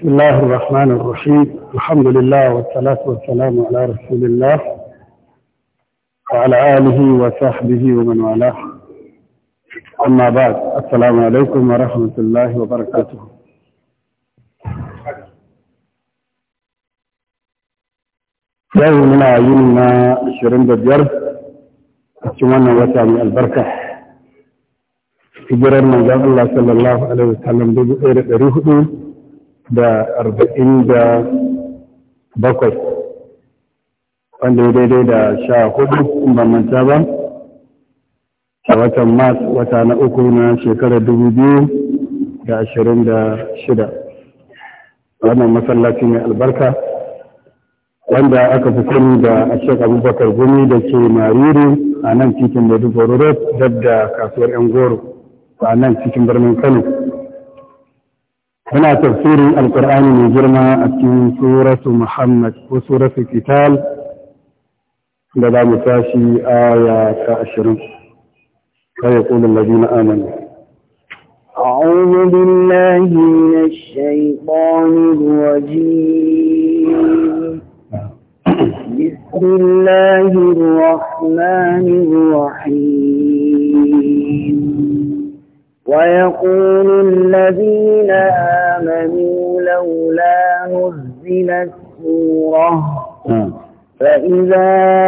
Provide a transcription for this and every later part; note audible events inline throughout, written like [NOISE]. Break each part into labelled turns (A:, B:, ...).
A: بسم الله الرحمن الرحيم الحمد لله والصلاة والسلام على رسول الله وعلى آله وصحبه ومن والاه أما بعد السلام عليكم ورحمة الله وبركاته يومنا يومنا شرين بجر أتمنى وسامي البركة في manzon Allah sallallahu alaihi wasallam dubu ɗaya da ɗari hudu da arba'in da bakwai wanda ya daidai da sha hudu in manta ba a watan mars wata na uku na shekarar dubu biyu da ashirin da shida wannan masallaci mai albarka wanda aka fi sani da ashek abubakar gumi da ke mariri a nan titin da dubu road dab da kasuwar yan goro a nan cikin birnin kano هنا تفسير القرآن من جرمى أكين سورة محمد وسورة القتال لدى متاشي آية كأشر فيقول الذين آمنوا
B: أعوذ بالله من الشيطان الرجيم بسم الله الرحمن الرحيم ويقول الذين فإذا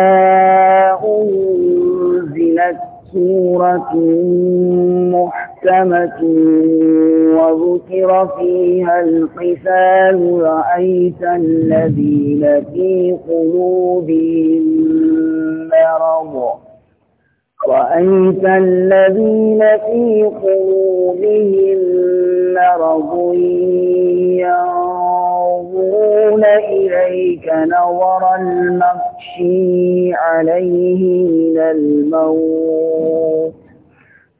B: أنزلت سورة محكمة وذكر فيها القتال رأيت الذين في قلوبهم مرض رأيت الذين في قلوبهم مرض ينظرون ينظرون إليك نظر المخشي عليه من الموت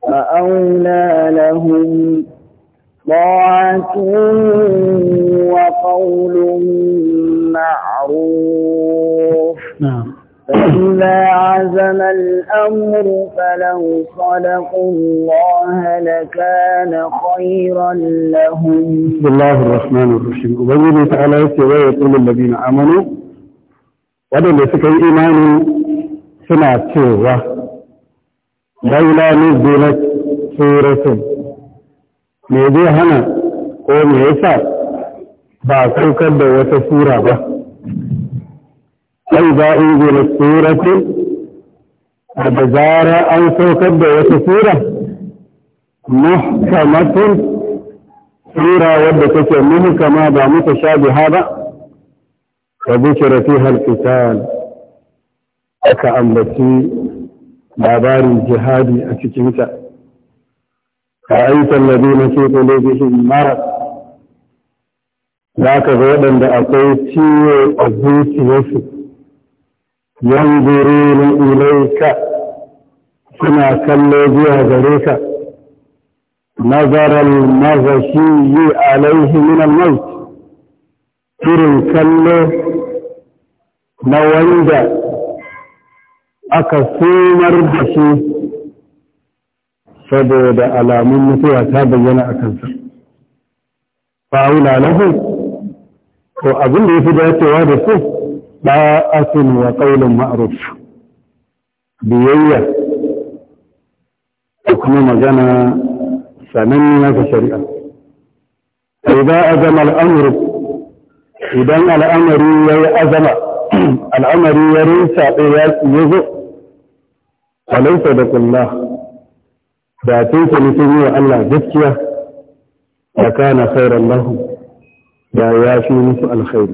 B: فأولى لهم طاعة وقول معروف نعم فإذا عزم الأمر فلو صدقوا الله لكان خيرا لهم
A: بسم الله الرحمن الرحيم وبين تعالى يقول الذين آمنوا ولم يسكن إيمان سنة سورة لولا نزلت سورة me هنا قوم ko بعد yasa ba saukar da aiza inzila A da zara an saukar da wata sura muhkamatun sura wadda take muhkama ba muka sha biha ba ka zikira fi halkisan aka ambaci labarin jihadi a cikinta ka aita lalabi na ke mara za ka zo waɗanda akwai ciwo a zuciyarsu yanzuruna ilaika suna kallo zuwa gare ka nazarar mazashi alaihi min al irin kallo na wanda aka sumar da shi saboda alamun mutuwa ta bayyana a kansa fa'ula lahu ko abin da ya fi dacewa da su طاعة وقول معروف بيية تكمن جنا فمن نفسر إذا أزم الأمر إذا الأمر يأزم [CLEARS THROAT] الأمر يريس يزق وليس بك الله ذاتيك لتنوي الله ذكية وكان خيرا لهم يا ياشي نسو الخير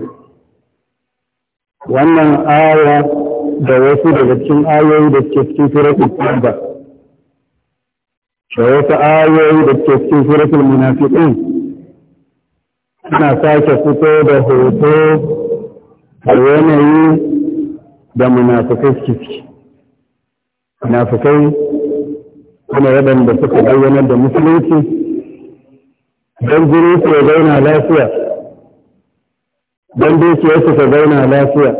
A: wannan aya da wasu daga cikin ayoyi da ke cikin suratul tauba da wasu ayoyi da ke cikin suratul munafiqun suna sake fito da hoto a yanayi da munafikai suke munafikai kuma waɗanda suka bayyanar da musulunci don jirin su ya zauna lafiya don dukiyarsu ta zauna lafiya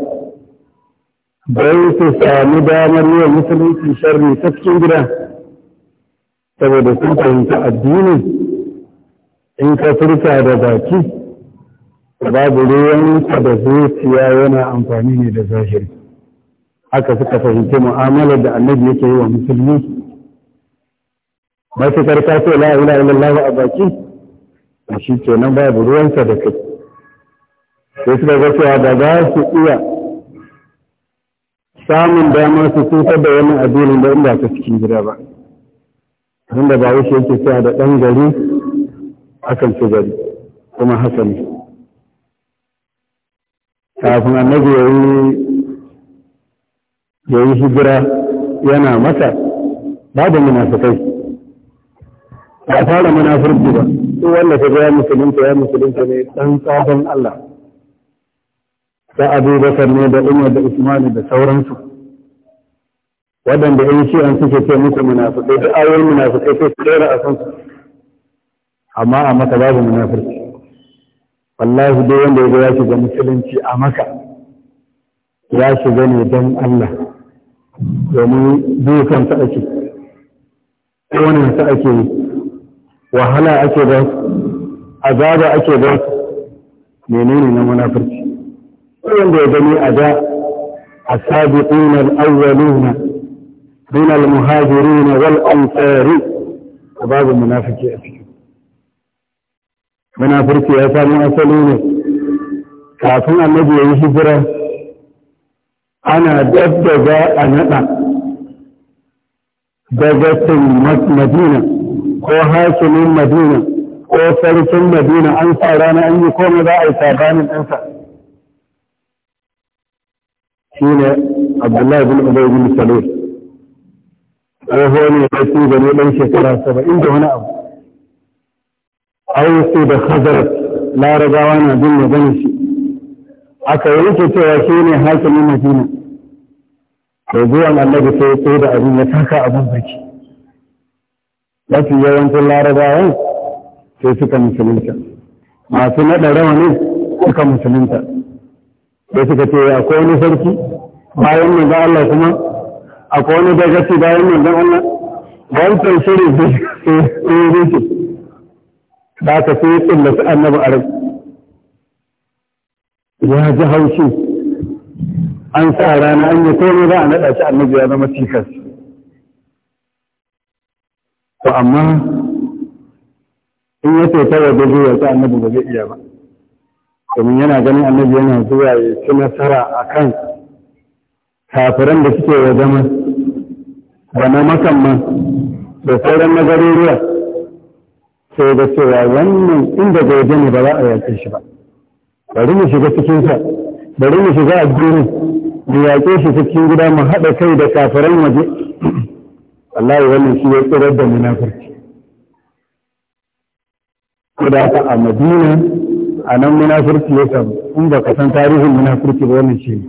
A: Bai su sami damar yi wa musulunci sharri ta cikin gida saboda sun fahimci addini in ka furta da baki babu ruwan ka da zuciya yana amfani ne da zahiri haka suka fahimci mu'amalar da annabi yake yi wa musulmi matuƙar ka ce la ilaha a baki shi kenan babu ruwansa da kai sai suka ga cewa ba za su iya samun damar su cutar da wani addinin da inda ta cikin gida ba wanda ba wuce yake cewa da ɗan gari akan ce gari kuma haka ne kafin annabi ya ya yi hijira yana mata da munafikai ba fara munafurci ba su wanda ka ga ya musulunta ya musulunta ne ɗan tsafin Allah da abubakar ne da umar da usman da sauransu waɗanda yan shi'an suke ce muku munafikai da ayoyin munafikai sai su tsere a san su amma a maka babu munafurci, wallahi dai wanda ya ya shiga musulunci a maka ya shiga ne don Allah domin dukansa ake ƙonansa ake wahala ake ba azaba ake ba menene na munafurci wanda بني اداء السابقون الأولون من المهاجرين والأنصار وبعض المنافق يأتي منافرك يا سامو أسألوني كافون النبي يهجرة أنا دب جاء نبع دبت مدينة ko hakimin madina ko sarkin madina an sa rana an yi komai za a yi sabanin ɗansa حين عبد الله بن ابي بن سلول وهو ان يصيب ليس ثلاثه عند هنا او يصيب خزرت لا رضا وانا بن بنش حتى يلقي تواشيني هاك من مدينه وزوى ان الذي سيصيب ابي يتاكا ابو بكر لكن يوم لا رضا وانا سيسكن مسلمك ما سنة لرواني سكن مسلمك da suka ce akwai wani sarki bayan manzon Allah kuma akwai wani dagaci bayan manzon Allah san shirin da sai rufe ba ka da su annabi arab ya ji haushi an sa rana an yi komai za a naɗa shi annabi ya zama cikas to amma in ya ce ta waje ya sa annabi ba zai iya ba domin yana ganin annabi yana zuwa ya ci nasara a kan kafiran da suke wa zama da na makamman da sauran na garuruwa sai da cewa wannan inda zai ne ba za a yaƙe shi ba bari mu shiga cikinsa bari mu shiga addinin mu yaƙe shi cikin gida mu haɗa kai da kafiran waje wallahi wannan shi ya tsirar da munafurci. Kuda ta a Madina a nan munafurci ya samu, in ba ka tarihin munafurci ba wani shi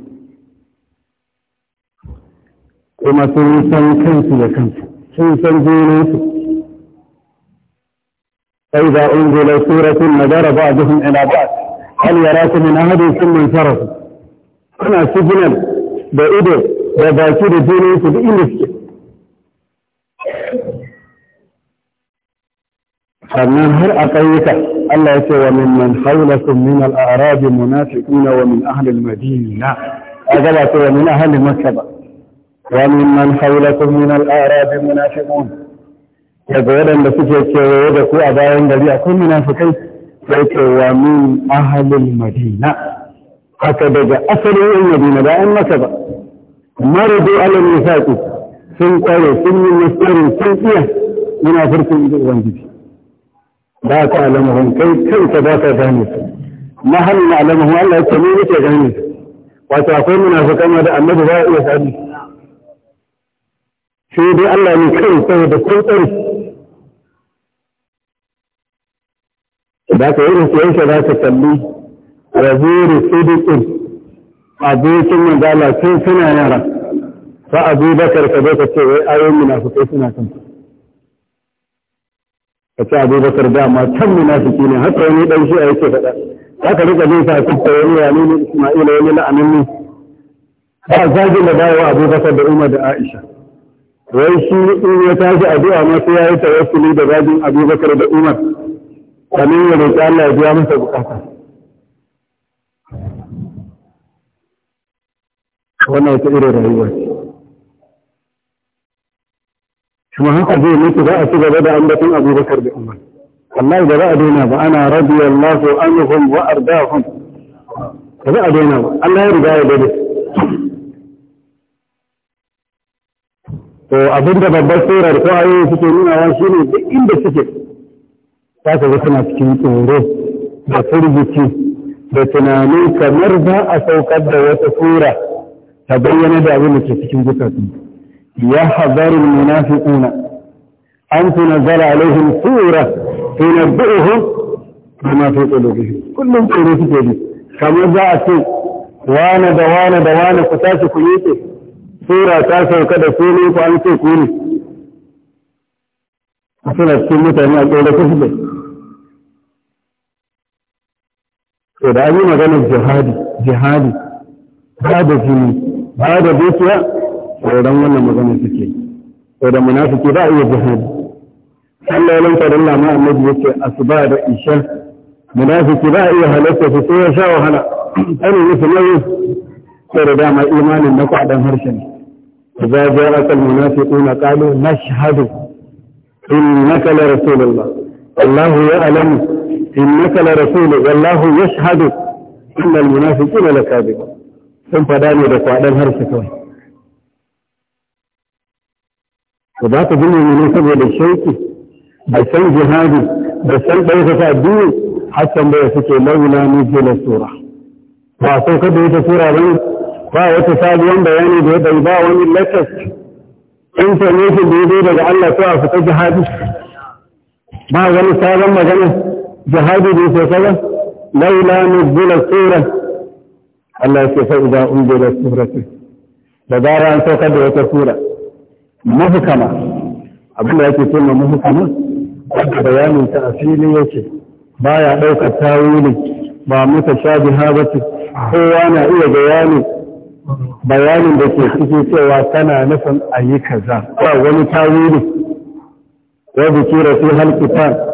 A: kuma sun san kansu da kansu sun san junansu sai za a ungula suratun na gara ba a jihun ina ba hal yara su min ahadin sun min sarafu suna signal da ido da baki da junansu da inda suke sannan har a ƙauyuka الله يسوى ومن من حولكم من الأعراب المنافقين ومن أهل المدينة أجل يسوى من أهل المكبة ومن من حولكم من الأعراب المنافقون يقول أن سجدك ويدك أبائن الذي أكون منافقين فيك ومن أهل المدينة هكذا جاء أصل المدينة لا أن مكبة مرضوا على النفاق سنتين سنين مستمرين سنتين إيه؟ منافركم بالغنجبين ba ka alamuhun kai kanka ba ka gane su na hannun alamuhun Allah ya tsaye nake gane su wato akwai munafikan ma da annabi ba iya sani shi dai Allah ne kai saboda tsantsar da ka yi rukuyen shi za ka kalli razuri sidikin abokin manzala tun suna yara Ba abu bakar ka zo ka ce wai ayoyin munafikai suna kansu ka ce abubakar dama can munafiki ne haka wani dan shi a yake faɗa za ka rika jin sa kuka wani wani ne isma'ila wani la'anin ne ba zagin da dawo abubakar da umar da aisha wai shi in ya tashi addu'a ma sai ya yi tawassuli da zagin abubakar da umar kamin ya roƙi Allah ya biya masa bukata wannan wata irin rayuwa ce kuma haka zai mutu za a ci gaba da ambaton abubakar da umar wallahi da za a daina ba ana radiyallahu anhum wa ardahum da za a daina ba Allah ya riga ya gade to abin da babbar surar ko ayoyi suke nuna wa shine duk inda suke za ka ga suna cikin tsoro da firgici da tunani kamar za a saukar da wata sura ta bayyana da abin da ke cikin zukatunsu يحذر المنافقون أن تنزل عليهم سورة تنبئهم بما في قلوبهم كلهم قلوب جديد كما جاء شيء وانا دوانا دوانا كتاش كيوتي سورة تاسع وكذا سورة وأن تكوني suna cikin mutane a tsoron kafin to da an yi maganar jihadi jihadi ba da jini ba da dukiya tsoron wannan maganar suke to da munafiki ba iya jihadi Allah ya lanta dalla ma annabi yace asuba da isha munafiki ba iya halatta su sai ya sha wahala ana musu nauyi sai da dama imanin na kwadan harshen idza ja'aka almunafiquna qalu nashhadu innaka la rasulullah wallahu ya'lamu innaka la rasul wallahu yashhadu innal munafiquna lakadibun sun fada ne da kwadan harshe kawai to za ka gina ne saboda shauki da san jihadi da san ɗaukaka biyu. hakan bai suke laula ni jila sura ba sau kada wata sura ba ba wata sabuwan bayani da ya ɗai ba wani latest information da ya zo daga Allah ko a fita jihadi ba wani sabon magana jihadi da ya sauka ba laula ni jila sura Allah ya ce fa idan unzila suratin da gara an saukar da wata sura mahukama abin da yake cewa muhkama wanda bayanin ta asili yake baya ɗaukar tawili ba muta shabiha ba kowa na iya bayani bayanin da ke cike cewa tana nufin a yi kaza ba wani tawili ya bukira fi halkita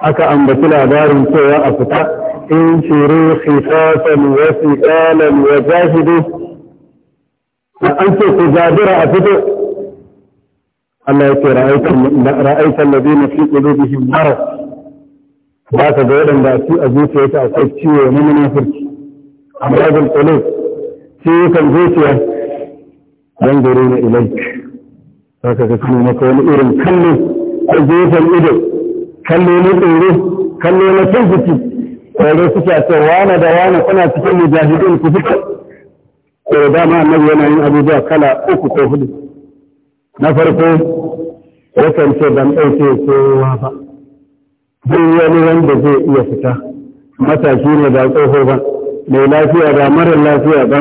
A: aka ambaci labarin cewa a fita in shiru khifafan wa thiqalan wa jahidu an ce ku zabira a fito Allah ya ce ra'aitan da zai mafi ƙulubihin mara ba ka ga waɗanda su a zuciyarsa akwai ciwo na munafurci amma zan ƙulub kan zuciya zan gare na ilai za ka ga kuma maka wani irin kallo a gefen ido kallo na tsoro kallo na cin jiki tsoro suke a ce wani da wani kuna cikin mujahidin ku fita ko dama annabi yana yin abubuwa kala uku ko hudu na farko ya ce ban ɗauke kowa ba duk wani wanda zai iya fita matashi ne ba tsoho ba mai lafiya ba marar lafiya ba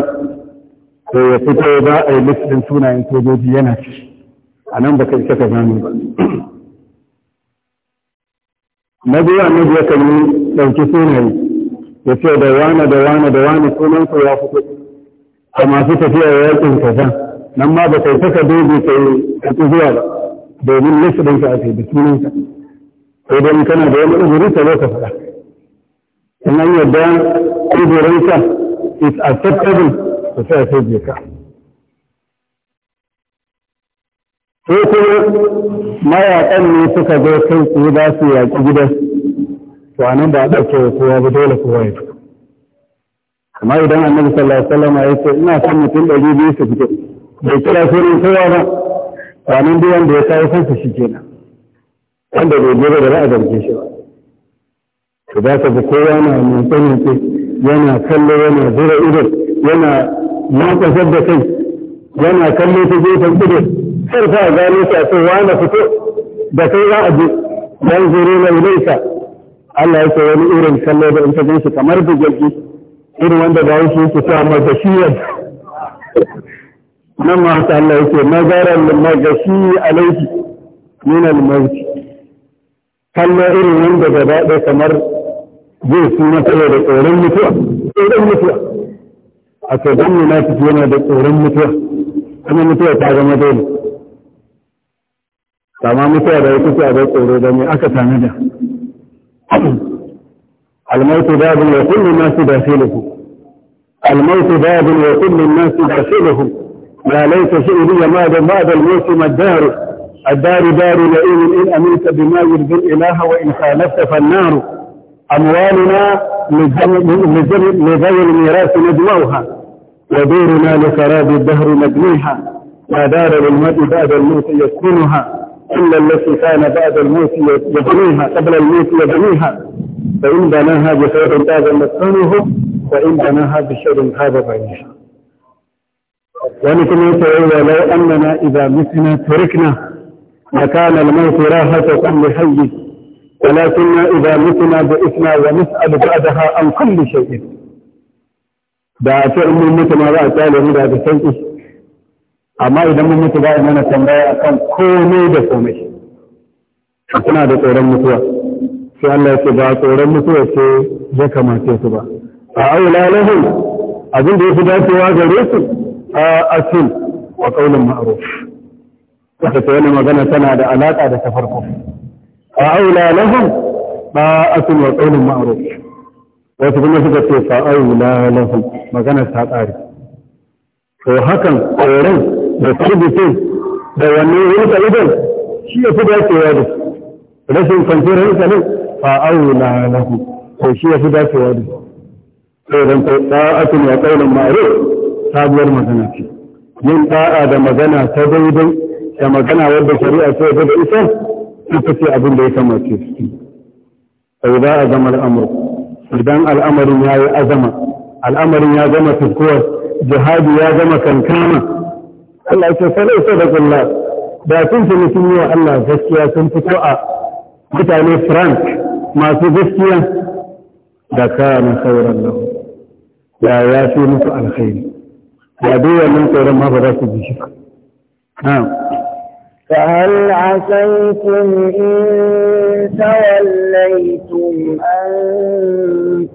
A: ko ya fito ba a yi listin sunayen sojoji yana ci a nan ba ka isa ka gano ba na biyu annabi yakan yi ɗauki sunaye ya ce da wane da wane da wane sunan ya fito a masu tafiya yakin kaza nan ma ba kai saka dogo kai ka zuwa ba domin nasu ɗin ka ake da sunanka sai dai kana da wani uzuri ka zo ka faɗa in an yarda uzurinka is acceptable to sai a sai ka ko kuma mayaƙan ne suka zo kai tsaye za su yaƙi gidan to anan ba a ɗauke wa kowa ba dole kowa ya fito amma idan annabi sallallahu alaihi wasallam ya ce ina son mutum ɗari biyu su fito bai kira sunan kowa ba ranar da wanda ya kawo kansa shi kenan wanda bai gobe da ra'a zarge shi ba to za ka kowa na nutse yana kallo yana zura ido yana nakasar da kai yana kallo ta gefen ido kar ka gano ta a cewa na fito da kai za a je dan zuru na ilaika Allah ya ce wani irin kallo da in ta gan shi kamar bugalki irin wanda ba shi yake sa da
C: shi
A: nan ma haka Allah yake nazarar magashi alaihi min al-maut kallo irin wanda gaba ɗaya kamar zai su matsala da tsoron mutuwa tsoron mutuwa a tsoron munafiki yana da tsoron mutuwa kuma mutuwa ta zama dole kama mutuwa da yake ta da tsoro da me aka sami da al-mautu babun wa kullu nasu dakhiluhu al-mautu babun يا ليت شئري ماذا ماذا الموسم الدار الدار دار لئيم إن أمنت بما يرضي الإله وإن خالفت فالنار أموالنا لذوي الميراث ندموها ودورنا لسراب الدهر مدنيها ما دار للمرء بعد الموت يسكنها إلا التي كان بعد الموت يبنيها قبل الموت يبنيها فإن بناها بشر هذا مسكنه وإن بناها بشر هذا بعيشها wani kuma ya tsaye wa lau annana idza mitna turikna da kana ta maut rahata kulli hayy walakinna idza mitna bi isna wa nas'alu ha an kulli shay'in da a ce in mun mutu ma za a tsale mu da ki. amma idan mun mutu ba mana tambaya akan komai da komai suna da tsoron mutuwa sai Allah ya ce ba tsoron mutuwa ce ya kamace su ba a aula lahum abin da ya fi dacewa gare su ta'atun wa qaulun ma'ruf wata ta yana magana tana da alaƙa da ta farko a aula lahum ta'atun wa qaulun ma'ruf wasu kuma suka ce fa aula lahum magana ta tsari to hakan tsoron da tsibitin da wanne wani idan shi ya fi dacewa da rashin kwanciyar hankalin fa aula lahu to shi ya fi dacewa da su ta dan ta'atun wa qaulun ma'ruf sabuwar magana ce yin da'a da magana ta daidai da magana wadda shari'a ce ta da ita ita ce abin da ya kamace su sai za a zama al'amur idan al'amarin ya yi azama al'amarin ya zama tafkuwar jihadi ya zama kankana Allah ya ce sarai sa da sun fi mutum yi wa Allah gaskiya sun fito a mutane frank masu gaskiya da kana sauran lahu ya ya fi musu alkhairi da dai wannan tsoron
B: فهل عسيتم إن توليتم أن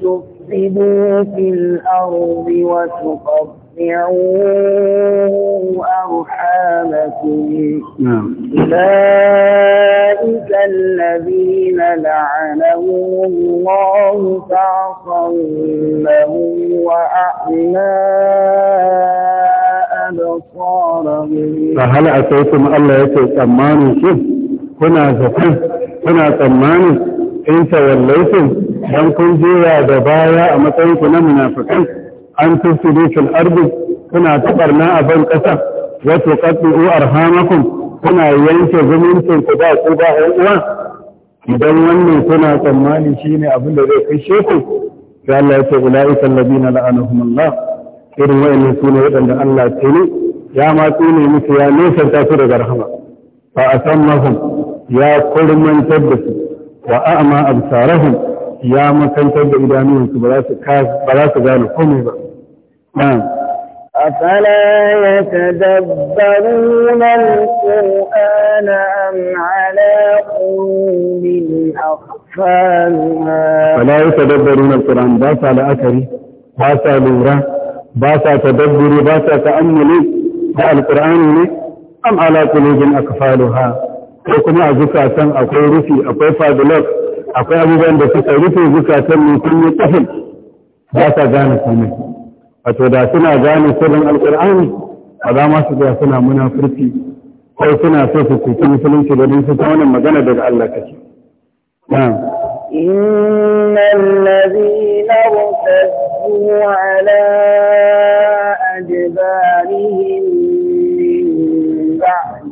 B: تفسدوا في الأرض وتقضوا أسمعوا أرحامكم نعم. أولئك الذين لعنهم الله فعصمهم وأعمى أبصارهم فهل أتيتم ألا يأتي أمانه
A: شيء كنا زفن كنا تمانه إن توليتم لم كن جيوا دبايا أمتينك نمنا فكنت an tusiru fil ardi kuna tabarna a ban kasa wato qattu arhamakum kuna yanke zumuncin ku ba ku ba uwa idan wannan kuna tsammani shine abin da zai kai sheku sai Allah ya ce ulaika alladina la'anahumullah irin wa'annan sune wadanda Allah ya tsine ya ma tsine musu ya nesanta su daga rahama fa asammahum ya kurmantar da su wa a'ma absarahum ya makantar da idanunsu ba za su gane komai ba نعم
B: أفلا يتدبرون القرآن أم على قلوب أقفالها فلا يتدبرون
A: القرآن باسا على أثري باسا لورا باسا تدبر باسا تأمل da alkur'ani ne am ala kulubin akfaluha ko kuma a zukatan akwai rufi akwai fadilok akwai abubuwan da suka rufe zukatan mai kun yi kafin ba sa gane komai wato da suna gane sirrin alkur'ani ba za ma su ga suna munafurci ko suna so su kuci musulunci da din ta wannan magana daga Allah kake
B: إن الذين ارتدوا على أدبارهم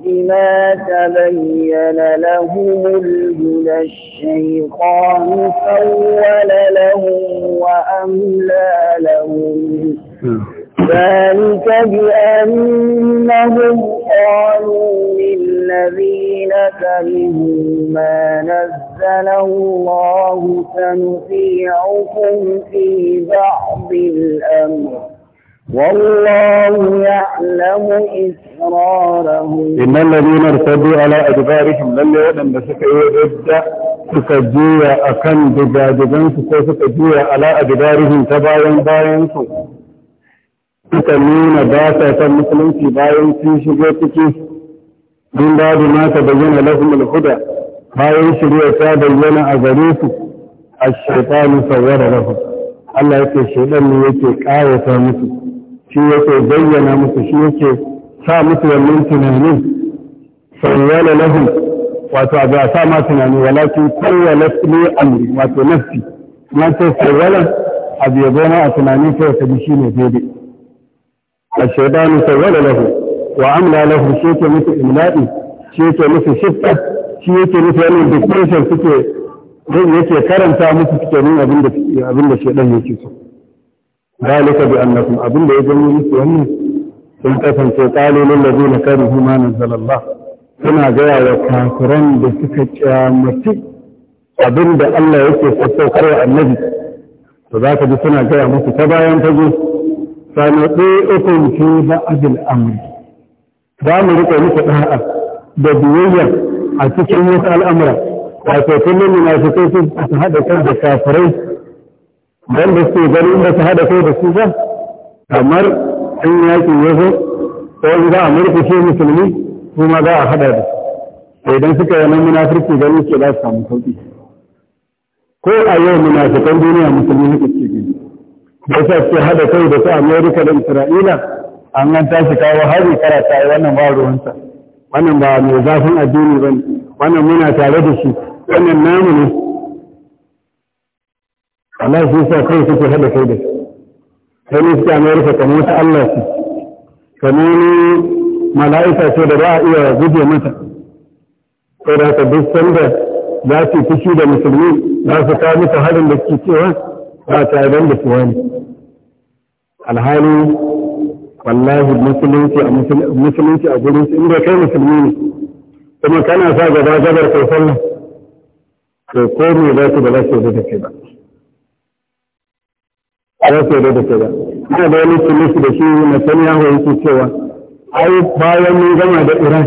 B: بما تبين لهم الهدى الشيطان سول لهم وأملى لهم نعم. ذلك بأنهم قالوا للذين كرهوا ما نزل الله سنطيعكم في بعض الأمر والله يعلم إسرارهم إن الذين ارتدوا على أدبارهم
A: لن يؤمن بسك يبدأ سكجية أكن دجاجبن سكجية على أدبارهم تباين باين سو تكمين باسة المسلم في باين في شجيتك من بعد ما تبين لهم الهدى باين شريعة بين أغريس الشيطان صور لهم الله يكي شيطان يكي آية مسلم shi yake bayyana musu shi yake sa musu wannan tunanin sayyana lahum wato a sa ma tunani walakin kowa lafi amri wato nafi na ce sayyana abu ya zama a tunani sai ta bi ne daidai a shaidanu sayyana lahu wa amla lahu shi yake musu imladi shi yake musu shifta shi yake musu yanin dictation suke yake karanta musu suke nuna abin da shaidan yake so ذلك بأنكم أبن يجمعون سيهم sun kasance kalolin da zai na kari himanin zalallah suna gaya wa kafiran da suka kyamaci abin da Allah yake sassaukar wa annabi to za ka ji suna gaya masu ta bayan fage sanaɗe ukun fi ba'adil amri za mu riƙe muku ɗa'a da biyayya a cikin wasu al'amura wato kullum munafikai sun haɗa kan da kafirai dan da su gani da su hada kai da su ba kamar in yaƙi ya zo ko in za a murkushe musulmi su ma za a hada da su idan suka yi nan munafurci gani ke za su samu sauƙi ko a yau munafikan duniya musulmi suka ce gani da sa ce hada kai da su amerika da isra'ila an an tashi kawo hari karata yi wannan ba ruwansa wannan ba mai zafin addini ba ne wannan muna tare da shi wannan namu ne amma shi sa kai suke haɗa kai da su sai ne suke amerika kamar wata allah ce kamar mala'ika ce da ba a iya guje mata sai da duk sanda za su fushi da musulmi za su kawo mata harin da suke cewa ba ta yi da su wani alhali wallahi musulunci a musulunci a gurin inda kai musulmi ne kuma kana sa gaba gabar kai sallah to ko me za su ba za su da kai ba ba su yarda da kai ba ina da wani sulusu da shi na sani ya yake cewa ai bayan mun gama da iran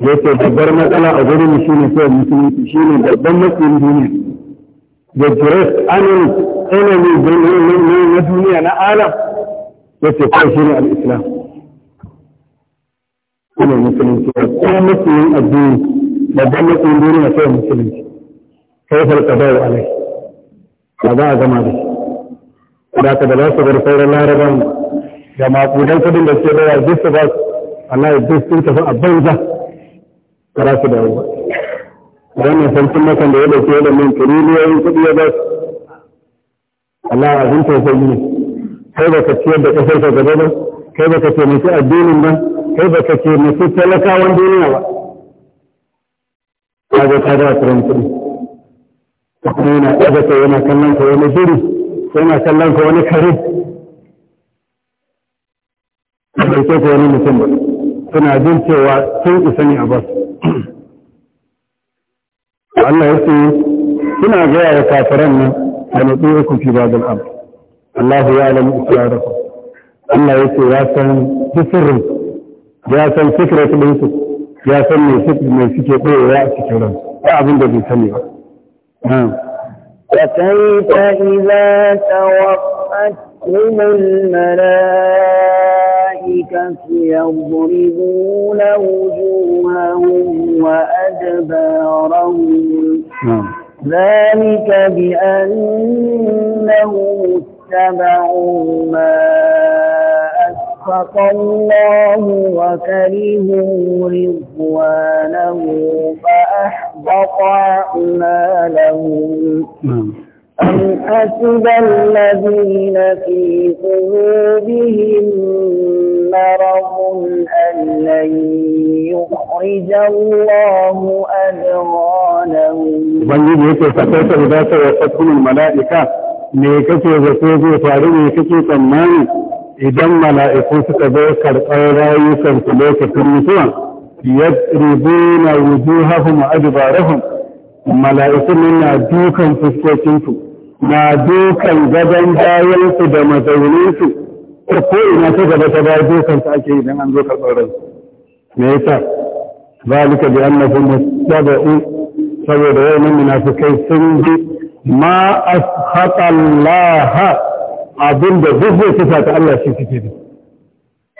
B: ya ce babbar matsala a gurin shi
A: ne sai musulunci shi ne babban matsayin duniya the great enemy enemy na duniya na alam ya ce kai shi ne al'islam shi ne musulunci babban matsayin addini babban matsayin duniya sai musulunci kai farka bai wa alai ba za a gama da shi da ka da za su bar sauran laraban da makudan kudin da suke bawa duk su ba Allah ya duk sun tafi a banza ba za su dawo ba wannan sarkin makan da ya dauke da min tiriliyoyin kudi ya ba Allah abin tausayi ne kai ba ka ciyar da kasar ka gaba ba kai ba ka taimaki addinin ba kai ba ka taimaki talakawan duniya ba ka ga ka da kuɗi kuma yana ɗaga yana kallon ka wani shiri yana kallon ka wani kare da ce ka wani mutum suna jin cewa sun isa ne a bas Allah ya ce suna gaya da kafiran nan da nutsu ku fi babin abu Allah ya alamu isra'arakum Allah ya ce ya san sirrin ya san secret ɗinsu ya san mai suke ɓoyewa a cikin ran ba abin da bai sani ba
B: فكيف إذا توفتهم الملائكة يضربون وجوههم وأدبارهم نعم. ذلك بأنهم اتبعوا ما أسخط الله وكرهوا رضوانه فأحبوا أحبط أعمالهم أم حسب الذين في قلوبهم مرض أن لن يخرج الله أدغانهم بنجي يكي فتاة
A: إذا سوفتهم الملائكة me kake zato zai faru إذا kake tsammani idan mala'iku suka zo karɓar yadribuna wujuhahum adbarahum mala'ikun na dukan fuskokinsu na dukan gaban bayansu da mazauninsu ta ko ina ta gaba ta bayan dukan su ake idan an zo karɓar ransu me yasa zalika bi annahu mustabu saboda yawan munafikai sun bi ma askhata abinda zai kusa ta Allah shi bi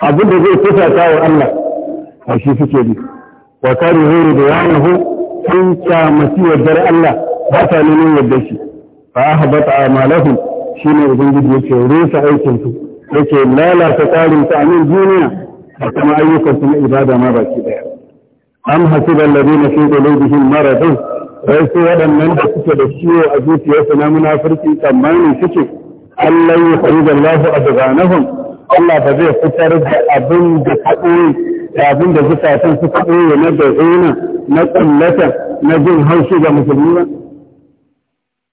A: abinda zai ta wa Allah a shi suke bi wa kare horo da yanahu sun kyamaci yardar Allah ba ta neman yardar shi fa ahbata Shi shine ubangiji yake rusa aikin su yake lalata tsarin a min duniya da kuma ayyukan su na ibada ma baki daya am hasiba alladhina fi qulubihim maradun wai su waɗannan da suke da ciwo a zuciyarsu na munafurci tsammanin suke Allah ya kharija Allahu Allah ba zai fitar da abin da da abin da zukatan suka ɓoye na da'ina na ƙullata na jin haushi ga musulmi ba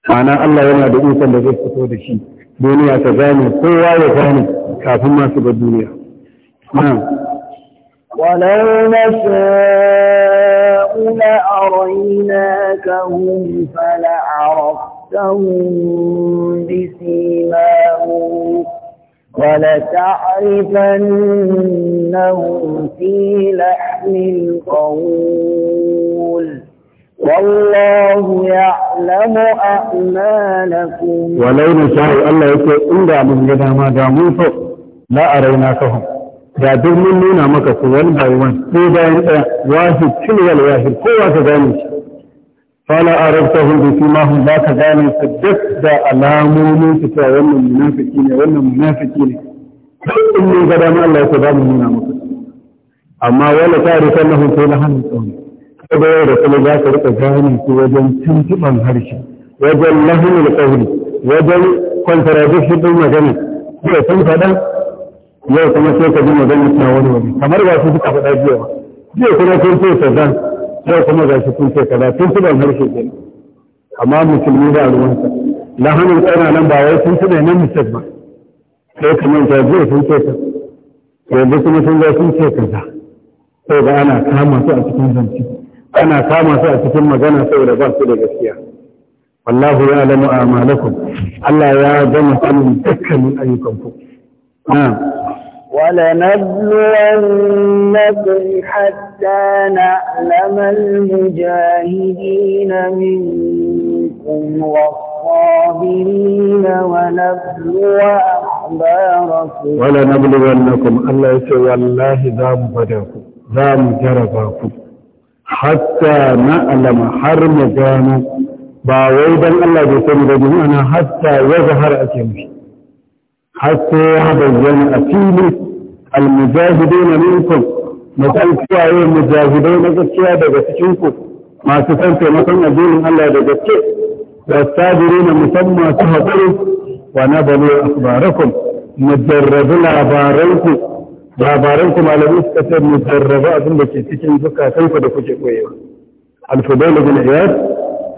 A: ma'ana Allah yana da ikon da zai fito da shi duniya ta gane kowa ya gane kafin masu ga duniya
B: ولو نشاء لأريناكهم فلعرفتهم بسيماهم ولتعرفنهم في لحن القول والله يعلم أعمالكم ولو نشاء الله يقول
A: إن دعم لنا ما داموا فوق لا أريناكهم da duk mun nuna maka su wani bai wani sai bayan ɗaya wahid cin wal wahid kowa ta gane shi fala arabtahum bi simahum ba ka gane su duk da alamomin su cewa wannan munafiki ne wannan munafiki ne in ne ga dama Allah ya ba mu nuna muku amma wala ta'rifu annahum fi lahanin tsawon kaga yau da kuma za ka rika gane su wajen tuntuban harshe wajen lahanin qawli wajen contradiction din magana sai sun faɗa yau kuma sai ka ji magana ta wani wani kamar ba su duka faɗa jiya ba jiya kuma sun ce sadan yau kuma ga shi kun ce kaza tun tuban harshe ke amma musulmi ba ruwansa hannun tsana nan ba wai sun tuna nan musulmi ba sai kuma ta jiya sun ce ta yanzu kuma sun ga sun ce kaza sai ga ana kama su a cikin zanci ana kama su a cikin magana saboda ba su da gaskiya wallahu ya alamu a Allah ya gama sanin dukkanin ayyukanku na'am
B: ولنبلونكم حتى نعلم المجاهدين منكم والصابرين ونبلو أخباركم
A: ولنبلونكم الله يسوى والله ذام بداكم ذام جرباكم حتى نعلم حرم جانا باويدا الله يسوى بداكم أنا حتى يظهر أكيمشي حتى يبين أكيد المجاهدين منكم مثل كواي المجاهدين gaskiya daga cikinku masu san taimakon addinin Allah da gaske والصابرين musamman su haƙuri wa na balo akbarakum mujarrabu labaranku labaranku malamai suka ce mujarrabu abin da ke cikin zukatanku da kuke koyewa alfudailu bin iyad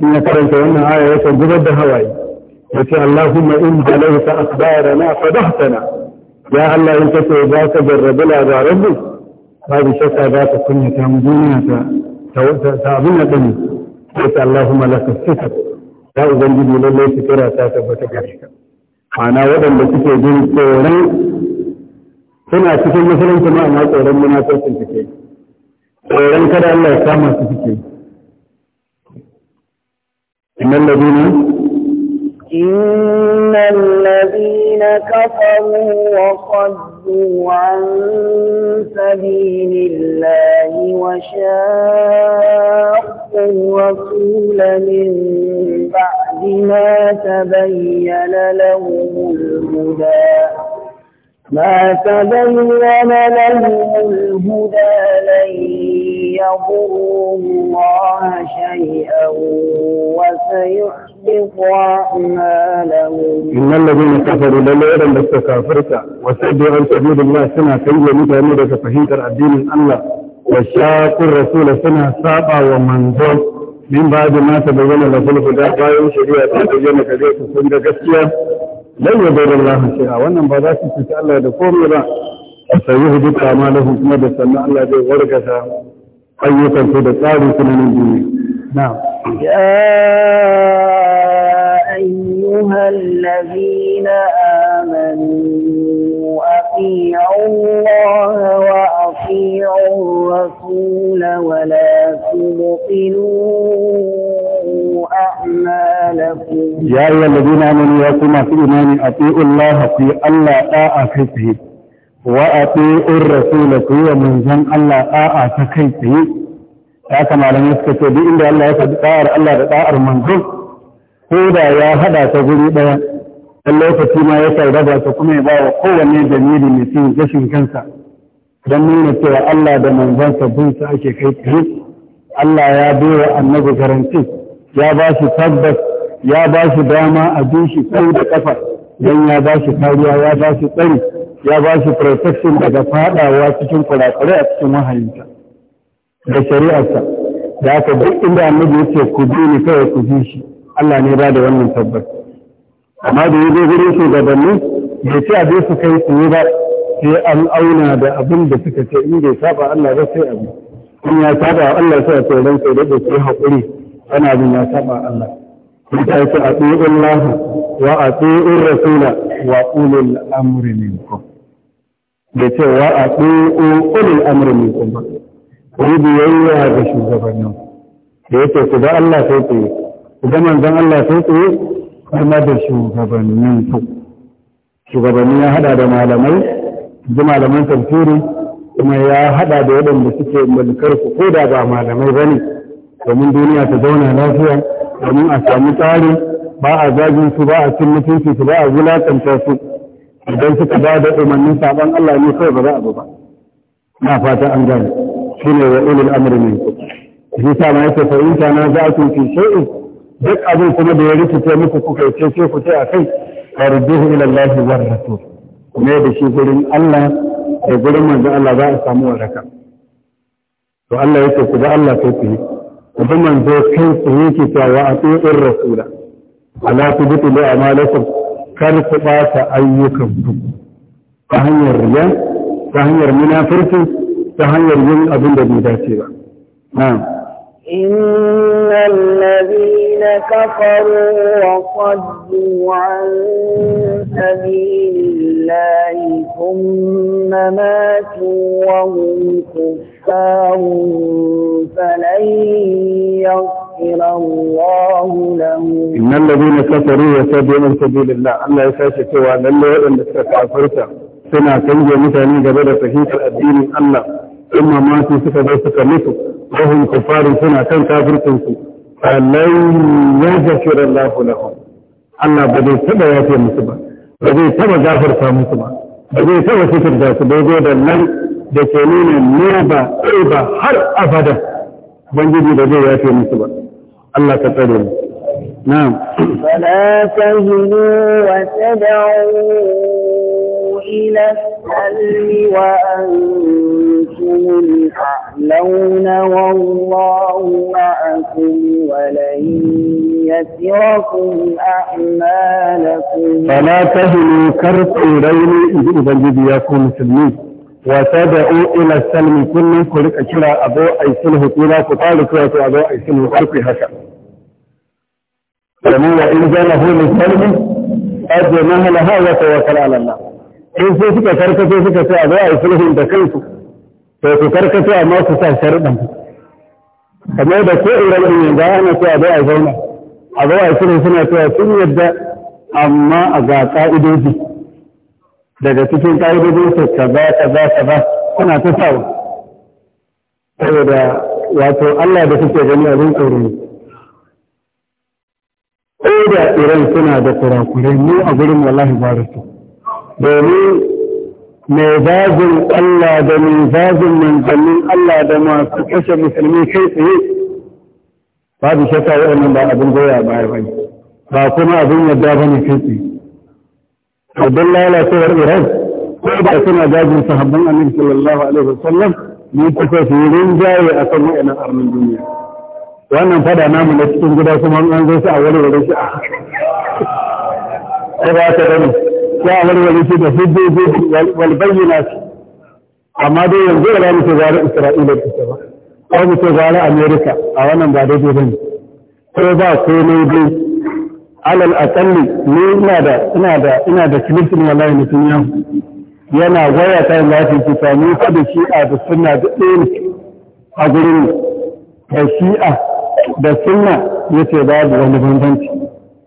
A: in ya karanta wannan aya ya zubar da hawaye yake Allahumma in balayta asbarana fadahtana ya Allah in kace za ka jarrabi labaran mu babu shakka za ka kunyata mu duniya ta ta abin da ne yace Allahumma laka sifat ya ubangiji lalle kira ta tabbata gare ka ma'ana waɗanda suke jin tsoron suna cikin musulunci ma'ana tsoron munafurcin suke yi tsoron kada Allah ya kama su suke yi. ladina
B: إن الذين كفروا وصدوا عن سبيل الله وشاقوا الرسول من بعد ما تبين لهم الهدى ما تبين لهم الهدى لن يضروا الله شيئا وسيحبط أعمالهم إن الذين كفروا لا يعلم
A: بس كافرك وسبب أن تبيد الله سنة كي يمتعني لك فهيك الدين الله وشاق الرسول سنة سابع ومنزل من بعد ما تبين لكل فداء قائم شريعة تبين كذلك تسند قسيا لا يضر الله شيئا وانا بذلك تسأل الله دفور يرى فسيهدك أعمالهم كما بسنة الله دي ورقة ayyukan أيوة، في da كل من نعم
B: يا أيها الذين آمنوا أطيعوا الله وأطيعوا الرسول ولا تبطلوا أعمالكم يا أيها الذين آمنوا يا كما في إيمان أطيعوا الله
A: في الله آه wa ati'ur rasul ku wa manzan Allah ɗa'a ta kai tsaye ya kamata ne suka ce duk inda Allah ya faɗi ɗa'ar Allah da ɗa'ar manzon ko da ya haɗa ta guri daya dan lokaci ma ya raba ta kuma ya bawa kowanne dalili mai cin gashin kansa don nuna cewa Allah da manzansa bin su ake kai tsaye Allah ya bai annabi garanti ya ba shi tabbas ya ba shi dama a bi shi da kafa don ya ba shi kariya ya ba shi tsari ya ba shi protection daga fadawa cikin kurakure a cikin wahayinta. da shari'arsa da aka duk inda annabi yace ku bi ni kawai ku bi shi Allah ne ba da wannan tabbas amma da yaje gurin shugabanni bai ce abin su kai su ba sai an auna da abin da suka ce in bai saba Allah ba sai abu in ya saba Allah sai a ce ran sai da ku hakuri ana bin ya saba Allah ta ce a tsi'in lahu wa a tsi'in rasula wa ulul amri minkum da cewa a ɗo'o ulil amri mai kuma ya yi biyayya ga shugabannin da yake ku ga Allah sai ku yi ku ga Allah sai ku yi kuma da shugabannin ku Shugabannin ya hada da malamai da malaman tafsiri kuma ya hada da waɗanda suke mulkar ku ko da ba malamai ba ne domin duniya ta zauna lafiya domin a samu tsari ba a zagin su ba a cin mutunci su ba a wulakanta su idan suka ba da umarnin saban Allah ne kawai ba za a ba na fata an gane shi ne wa ulul amri ne shi sa ma yake fa in kana za ku fi shay'in duk abin kuma da ya rikice muku kuka ce ce ku ce akai farduhu ila Allah wa rasul kuma da shi gurin Allah da gurin manzon Allah za a samu waraka to Allah yake ku ba Allah kai ku ku bi manzo kai ku yake cewa wa ati'ir rasula ala tubtu li amalakum kar ku ɓata ayyukan ku ta hanyar riya ta hanyar munafurci ta hanyar yin abin da bai dace ba na'am
B: إن الذين كفروا وصدوا عن سبيل الله ثم ماتوا وهم كفار فلن يغفر الله لهم إن الذين كفروا
A: وصدوا عن سبيل الله الله يساسك وأن الله أن تكافرت سنة تنجي متاني قبل صحيح الدين الله ثم ماتوا سكبوا مثل wahum kuffarun suna kan kafircin su falan yaghfir Allah lahum Allah ba zai yafe musu ba ba zai taba gafarta musu ba ba zai taba fitar su ba da nan da ke nuna noba ba har abada ubangiji ba zai yafe musu ba Allah ka tsare
B: إلى السلم وأنتم الأعلون والله معكم ولن يسركم أعمالكم فلا تهنوا كركم
A: ريني إذ أبنجد يكون مسلمين وتدعوا إلى السلم كل كل أشرى أبو أي سله كلا كتالك أبو أي سله كركي هكذا فمن وإن جاء له من سلم قد لها وتوكل على الله in sai suka karkace suka ce a zo a yi da kansu to su karkace amma su sa sharuɗan kamar da ko iran da yanzu ana ce a zo a zauna a zo a yi sulhun suna cewa sun yadda amma a ga ƙa'idoji daga cikin ƙa'idojin su kaza kaza kaza suna ta sawa saboda wato Allah da kuke gani abin tsoro ne ko da iran suna da kurakurai mu a gurin wallahi ba da su domin mezajin Allah da mezajin manzannin Allah da masu kashe musulmi kai tsaye babu shakka waɗannan ba abin goya ya ba ba kuma abin yadda ba ne kai tsaye. Abin lalacewar Iran ko ba suna dajin sahabban Amin sallallahu alaihi wasallam ne kusa su yi a kan waɗannan arnin duniya. Wannan fada namu na cikin gida kuma an zo su a wani wurin shi a. Ai ba ta gani. ya walwale shi da hujjoji wal
C: bayyana shi amma dai yanzu da mu ce Isra'ila
A: ta ce ba ko mu ce gara America a wannan ba daidai bane ko ba komai dai alal aqalli ni ina da ina da ina da kilifin wallahi mutum yau yana waya ta lafi kita ni fa da shi'a da sunna da ɗaya ne a gurin da shi'a da sunna ce babu wani bambanci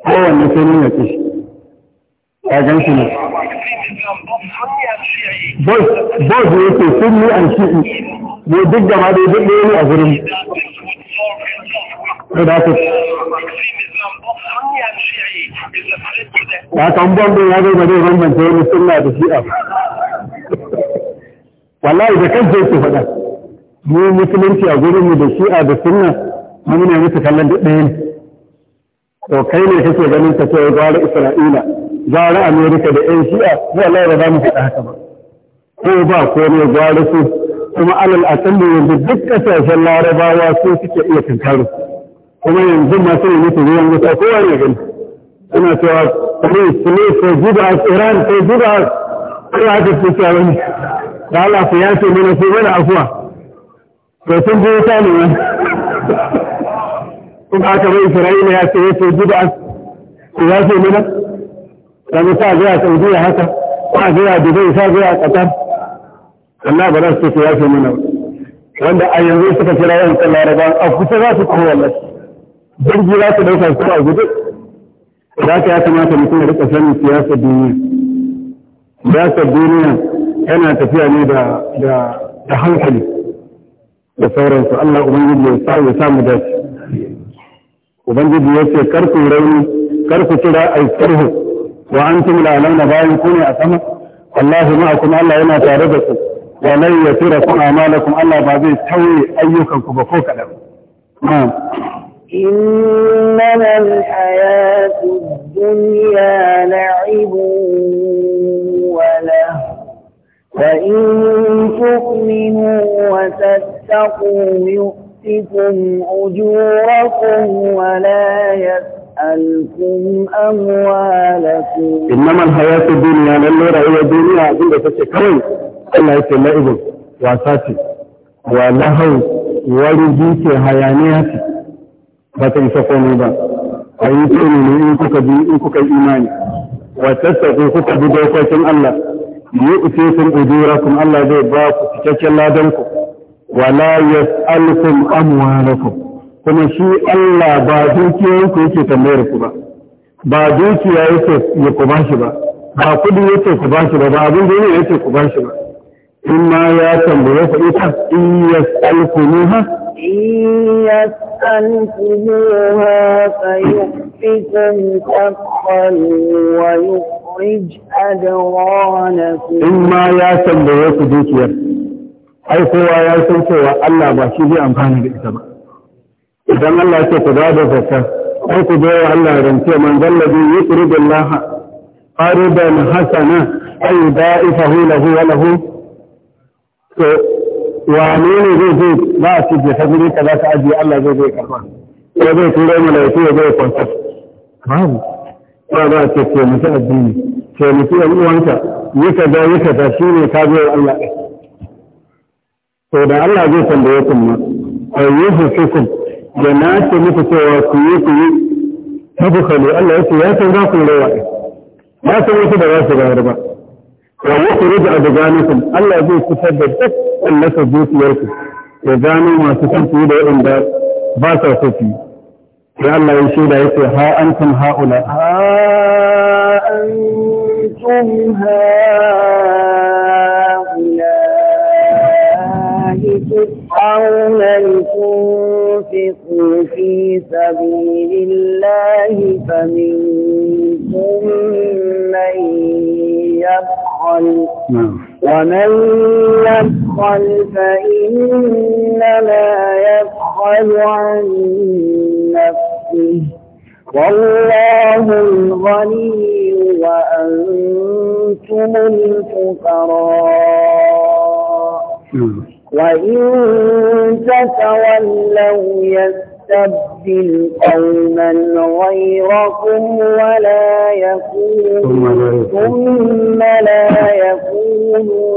A: kowanne sai ne ya ce shi ya gan ne Bos ne ke sunni an shi'i ne duk da ma dai duk a gurin ne da aka ya kan bambam ya zai da zai bambanta wani sunna da shi'a wallahi da kan ce ku faɗa mu musulunci a gurin mu da shi'a da suna, mun ne mutu kallon duk ɗaya ne to kai ne kake ganin ka ce gwara isra'ila gara amerika da yan shi'a wallahi ba za mu faɗa haka ba ko ba ko ne gara su kuma alal akalli yanzu duk kasashen larabawa su suke iya tunkaru kuma yanzu masu yi mutu ruwan wuta kowa ne gani suna cewa police police ko jiba iran ko jiba ko haka su ce wani da Allah ku yace mana su mana afuwa to sun ji wuta ne kuma aka bai isra'ila ya ce ya ce jiba ku yace mana wani sa zuwa saudiya haka sa zuwa dubai sa zuwa qatar amma ba za su ce ya fi mana wanda a yanzu suka kira yan sallah raba a kusa za su kawo wallahi dangi za su dauka su a gudu za ka ya kamata mutum ya rika sanin siyasar duniya siyasar duniya yana tafiya ne da hankali da sauransu Allah ubangiji ya sa ya samu dace ubangiji ya ce karku rauni karku kira ai karhu وانتم لا الاعلون فارقوني اسما الله معكم الله هنا تاردكم ولن يتركم اعمالكم الا بعدين تسوي ايكم كبكوك لهم
B: نعم انما الحياه الدنيا لعب وله فان تؤمنوا وتتقوا يؤتكم اجوركم ولا يسالون ألكم أموالكم إنما الحياة الدنيا لن نرى إلى الدنيا عند تشكرون
A: الله يسمى إذن وأساتي ولهو ورجيك هيانياتي فتنسقون با أيتوني من إنكك بإنكك الإيمان وتستقي كك بدوكة الله يؤتيكم أجوركم الله ذي باكم تشكي الله دنكم ولا يسألكم أموالكم kuma shi Allah ba dukiyoyinku yake tambayar ku ba ba dukiya yake ya ku bashi ba ba kudi yake ku bashi ba ba abin duniya yake ku bashi ba in ma ya tambaye ku ita in ya yas'alkumuha
B: in yas'alkumuha fayufikum taqwan wa yukhrij adranakum in ma ya tambaye ku dukiyar
A: ai kowa ya san cewa Allah ba shi zai amfana da ita ba idan Allah ce ku bada zakka ai ku bayar Allah rance man zallabi yuqridu Allah qariban hasana ay da'ifahu lahu wa lahu to wane ne zai zai ba su je ta guri ka za ta ajiye Allah zai zai karba ko zai tura malaiku ya zai kwanta babu ba ba ce ce ta addini ce mutu yan uwanka yi ka da yi da shi ne ka biya Allah to da Allah zai san tambaye ku ma ayyuhu fikum da na ce muku cewa ku yi ku yi mafukali Allah ya ce ya san za ku rawa ya san wasu da za su bayar ba wa wasu rage a daganikum Allah zai fitar da duk allasa zuciyarku ya gano masu san su da waɗanda ba sa so su sai Allah ya shaida ya ce ha antum haula ha
B: antum haula تدعون لكم أنفقوا في سبيل الله فمنكم من يبخل نعم. ومن يبخل فإنما يبخل عن نفسه والله الغني وأنتم الفقراء وإن تتولوا يستبدل قوما غيركم ولا يكونوا لا يكونوا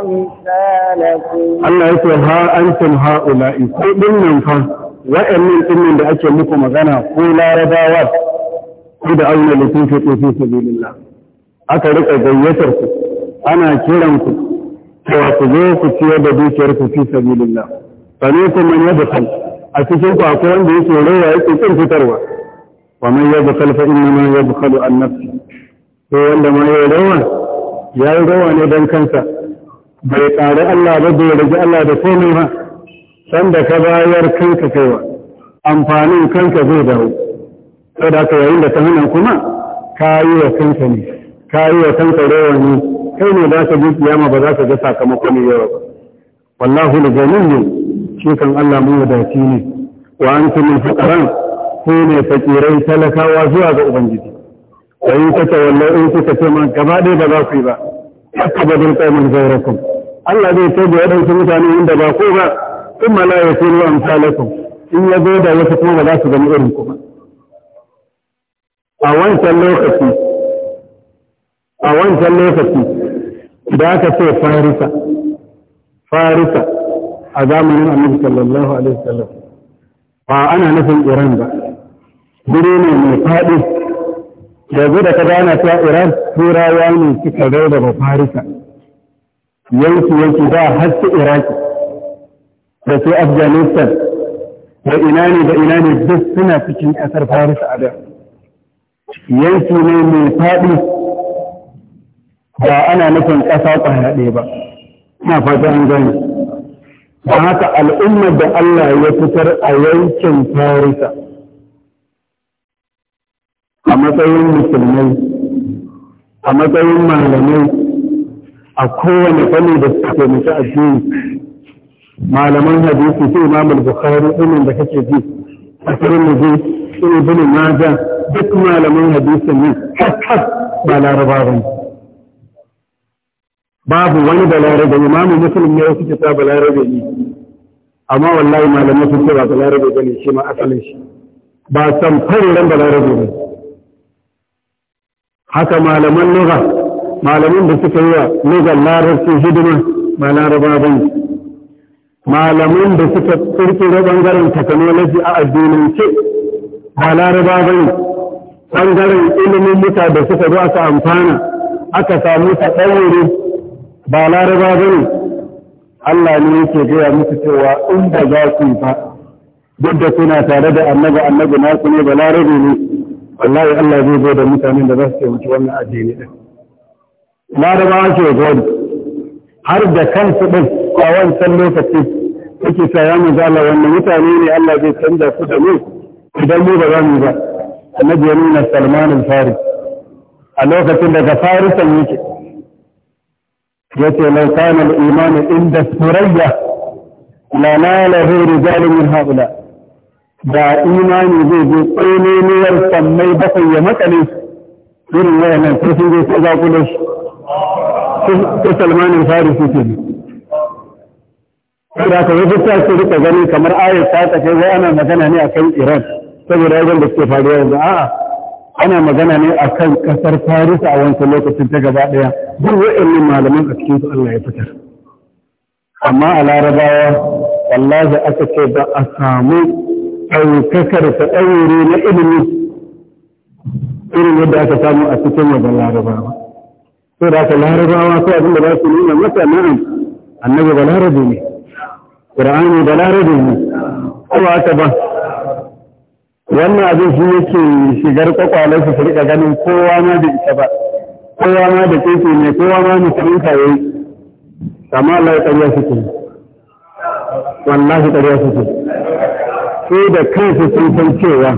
B: أمثالكم. الله يقول ها أنتم
A: هؤلاء كل منكم وأمن من ذلك لكم غنى قولا رباوات قد أين لتنفقوا في سبيل الله
B: أكرك جيسركم
A: أنا كرمكم cewa ku zo ku ciyar da dukiyar ku fi sabilillah fa ku kun man yadkhal a cikin ku akwai wanda yake rawa yake kin fitarwa wa man yadkhal fa inna ya yadkhalu an nafsi to wanda ma ya rawa ya yi rawa ne dan kansa bai ƙari Allah ba bai rage Allah da komai ba san da ka bayar kanka kaiwa amfanin kanka zai dawo saboda ka yayin da ta hana kuma ka yi wa kanka ne ka yi wa kanka rawa ne kai ne za ka bi kiyama ba za ka ga sakamakon yawa ba wallahu da ganin shi kan Allah mu wadaci ne wa an min fuqaran ko ne fakirai talakawa zuwa ga ubangiji da yi kata wallo in kuka ce man gaba ɗaya ba za ku yi ba haka mun qauman ghayrakum Allah zai da waɗansu mutane inda ba ko ba in mala ya kunu amsalakum in ya zo da wasu kuma ba za su gani irin kuma a wancan lokaci a wancan lokaci da aka ce farisa farisa a zamanin annabi sallallahu alaihi wasallam ba ana nufin iran ba guri ne mai faɗi yanzu da ka gana ta iran turawa ne suka rarraba farisa yanki yanki da har su iraki da su afghanistan da ina ne da ina ne duk suna cikin ƙasar farisa a da yanki ne mai faɗi
C: ba ana nufin
A: ƙasa ƙwaya ɗaya ba na fata an gani ba haka al'ummar da Allah ya fitar a yankin farisa a matsayin musulmai a matsayin malamai a kowane fanni da suka a jini. malaman hadisi su imam al-bukhari ɗinin da kake ji a tirmidhi su ibn majah duk malaman hadisin ne har ba larabawa babu wani balarabe mamu musulun ne wasu kita balarabe ne amma wallahi malamai sun ce ba balarabe bane shi ma asalin shi ba san fariran balarabe ne haka malaman lugha malamin da suka yi wa lugar larabci hidima ba laraba ba ne malamin da suka kirkiro bangaren technology a addinin ce ba laraba ba ne bangaren ilimin muta da suka zo aka amfana aka samu ta ɗaure ba laraba ba ne Allah ne yake gaya musu cewa in ba za ku ba duk da suna tare da annabi annabi nasu ne ba Laraba ne wallahi Allah zai zo da mutanen da za su taimaki wannan addini din laraba ke gwani har da kansu din a wancan lokaci yake sa ya muzala wannan mutane ne Allah zai canza su da mu idan mu ba za mu ba annabi ya nuna Salman al a lokacin daga Farisan yake يتي لو كان الإيمان عند الثرية لناله رجال من هؤلاء دا إيمان ذي ذي قيني نير سمي بقي مكلي من الله من سرسل ذي سيدا قلش كسلمان الفارسي فيه كذلك وفتا سيدك غني كمرآي ساتك وانا مدنة هنا كي إيران سيدا رجل بستفاد يوم آه ana magana ne a kan ƙasar farisa a wancan lokacin ta gaba ɗaya duk wa'annan malaman a cikin su Allah ya fitar amma a larabawa wallahi aka ce ba a samu ɗaukakar ta ɗaure na ilimi irin yadda aka samu a cikin wajen larabawa sai da aka larabawa sai abin da za su nuna masa na'am annabi balarabe ne qur'ani balarabe ne ko ba ta ba wannan abin shi yake shigar kwakwalar su rika ganin kowa ma da ita ba kowa ma da keke ne kowa ma musulun kare amma Allah ya Wannan
C: shi wallahi su ke
A: sai da kansu sun san cewa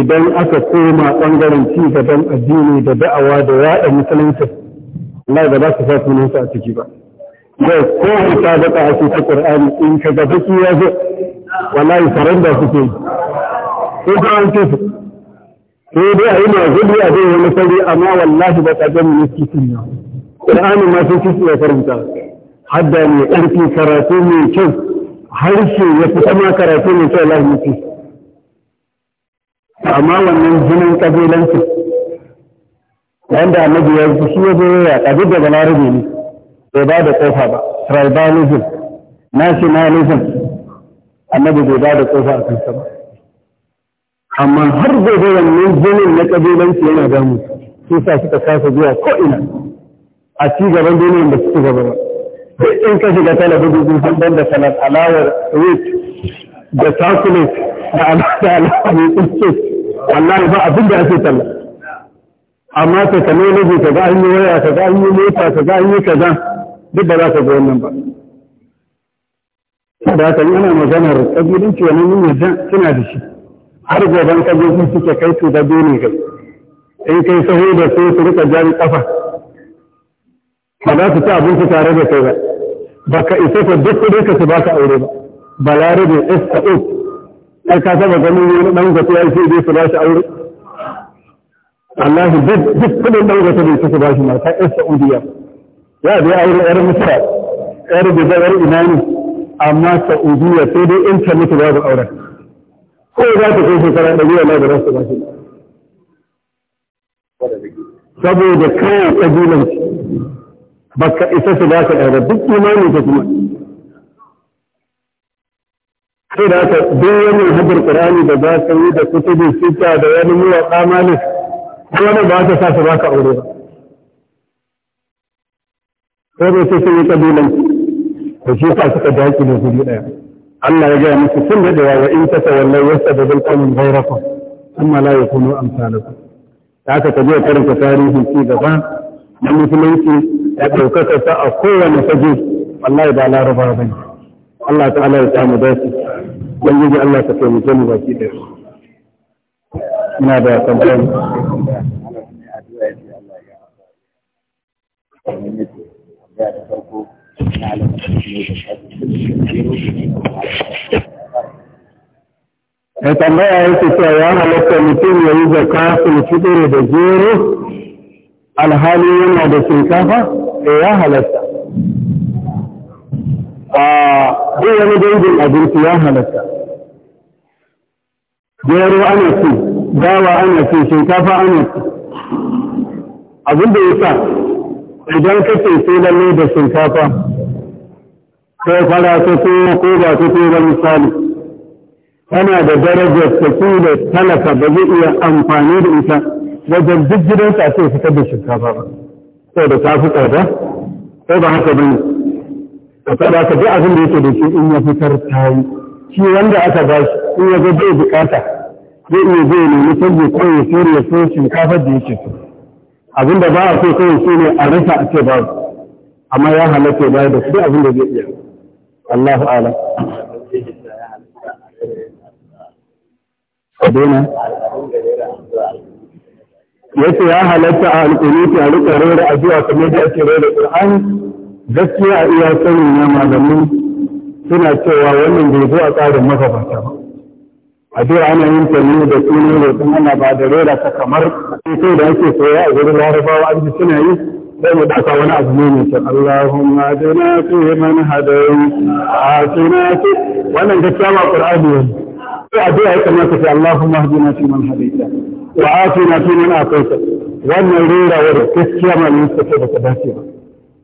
A: idan aka koma ɓangaren ci gaban addini da da'awa da yaɗa musulunci Allah ba za su sa su a ciki ba Zai ko mu ta daɗa a cikin Qur'ani in ka gaba baki ya zo wallahi faranda suke yi ko ta an ce su ko dai a yi ma gudu a zai wani sauri amma wallahi ba ta gani ne kitin na ƙur'ani ma sun kitin ya karanta hadda mai ƙarfi karatu mai kyau harshe ya fi sama karatu mai kyau wallahi ne kitin amma wannan jinin ƙabilansu
C: wanda annabi ya yi shi ya
A: zo ya ƙabi daga larabe ne bai ba da ƙofa ba tribalism nationalism annabi bai ba da ƙofa a kansa ba amma har gobe wannan jinin na kabilanci yana damu su sa suka kasa zuwa ko'ina a ci gaban duniyar da suke gaba ba duk in ka shiga talabijin sun san da salat alawar wheat da chocolate da alaƙa alawar alawar wheat wallahi ba abin da ake talla amma ka ka nuna ka ga an yi waya ka ga an yi mota ka ga an yi kaza duk da za ka ga wannan ba da haka ana maganar ƙabilanci wannan yin yadda suna da shi har goban ka je suke kai su da dole kai in kai sahu da su su rika jari kafa ba za su ci abinci tare da kai ba ba ka isa ka duk kudin ka su ba ka aure ba balarabe SAO ai ka taba ganin wani dan gato ya ce zai su ba shi aure Allah duk kudin dan gato bai su ba shi mata SAUdiya ya da aure yar misra yar da yar imani amma Saudiya sai dai in ta mutu babu auren ko za ta kai shekara ɗari wala da rasu ba shi saboda kawai ƙabilanci ba ka isa su ba ka ɗaya duk imanin ta kuma sai da haka duk wani habar ƙur'ani da za ka yi da kutubin sita da wani muwa ƙamalin wani ba ta sa su ba ka aure ba ko bai sai sun yi ƙabilanci da shi sa suka daƙi da guri ɗaya Allah ya gaya musu sun daɗewa wa in ta tawallai wasu da bilkanin gairafa amma la ya kuno amsalaku ta haka ta je karanta tarihin ci gaba na musulunci ya ɗaukaka ta a kowane fage wallahi ba laraba ba ne Allah ta'ala ya samu dace ubangiji Allah ta kai mutum baki da su ina da tambayar
C: Thank you. نعلم
A: ya tambaya yake cewa ya halatta mutum ya yi zaka sulfitar da zero alhali yana da shinkafa da ya halatta a duk wani dangin abinci ya halatta gero ana ci dawa ana ci shinkafa ana ci abin da ya sa idan ka ce sai lalle da shinkafa ko fara fito ko ba su ba misali tana da darajar ta da talaka ba zai iya amfani da ita wajen duk gidansa sai fitar da shinkafa ba sai da ta fi tsada ko ba haka bane a tsada ka duk abin da yake da shi in ya fitar ta yi shi wanda aka ba shi in ya zai bukata zai iya zai nemi canji ko ya sayar ya so shinkafa da yake so abin da ba a so kawai shi ne a rasa a ce ba amma ya halatta bayar da duk abin da zai iya Allahu ala Kaduna yace ya halatta a alƙunuti a rika rera addu'a kamar da ake rera Qur'ani gaskiya a iya sanin na malamin suna cewa wannan bai zo a tsarin magabata ba addu'a ana yin ta ne da sunan roƙon ana ba da rera ta kamar sai da ake koya a wurin larabawa an ji suna yi sai mu dasa wani abu ne mai kyau Allahumma adina fi man hadayt atina fi wannan gaskiya ba Qur'ani ne sai addu'a ya kamata sai Allahumma adina fi man hadayt wa atina fi man atayt wannan rera wa gaskiya ma ne take da kadaci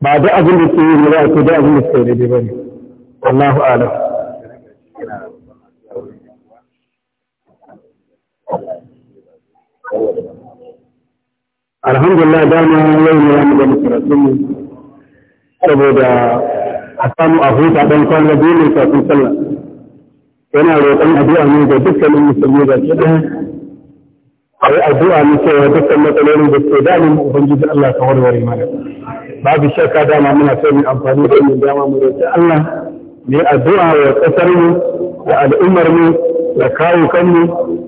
A: ba ba da abin da ke yi ne ba ko da abin da ke daidai bane wallahu a'lam Thank you. alhamdulillah dama yau ne ya muka karatunmu saboda a samu a huta ɗan kwana biyu ne kafin sallah yana roƙon addu'a ne ga dukkanin musulmi da ke ɗaya a yi addu'a ne cewa dukkan matsalolin da ke damun ubangiji Allah ka warware mana babu shakka dama muna so mu amfani da mu dama mu roƙi Allah ne addu'a wa ƙasar mu da al'ummar mu da kawo kanmu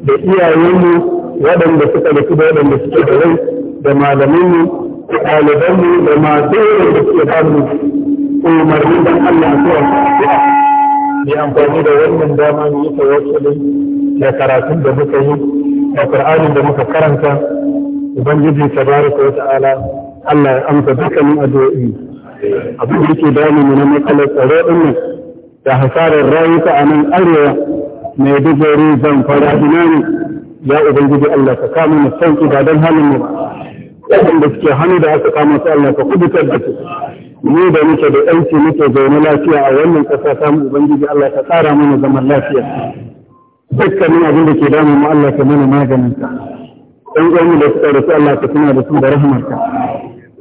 A: da iyayen mu waɗanda suka rufu da waɗanda suke da rai da malaminmu da ɗalibanmu da masu yawan da suke ba mu umarni don Allah a zuwa addu'a mai amfani da wannan dama mu yi tawassuli da karatun da muka yi da Qur'anin da muka karanta Ubangiji tabaraka wa ta'ala Allah ya amsa dukkanin addu'o'i abin da yake damu mu na matsalar tsaro din nan da hasarar rayuka a nan arewa mai dubari zan fara ina ne ya ubangiji Allah ka kama mu sauki ba don halin mu waɗanda suke hannu da aka kama su Allah ka kubutar da su ni da muke da yanci muke zaune lafiya a wannan ƙasa ta mu ubangiji Allah ka tsara mana zaman lafiya
B: dukkanin abin da
A: ke damu mu Allah ka mana maganin ka dan uwan da suka rasu Allah ka tuna da su da rahmarka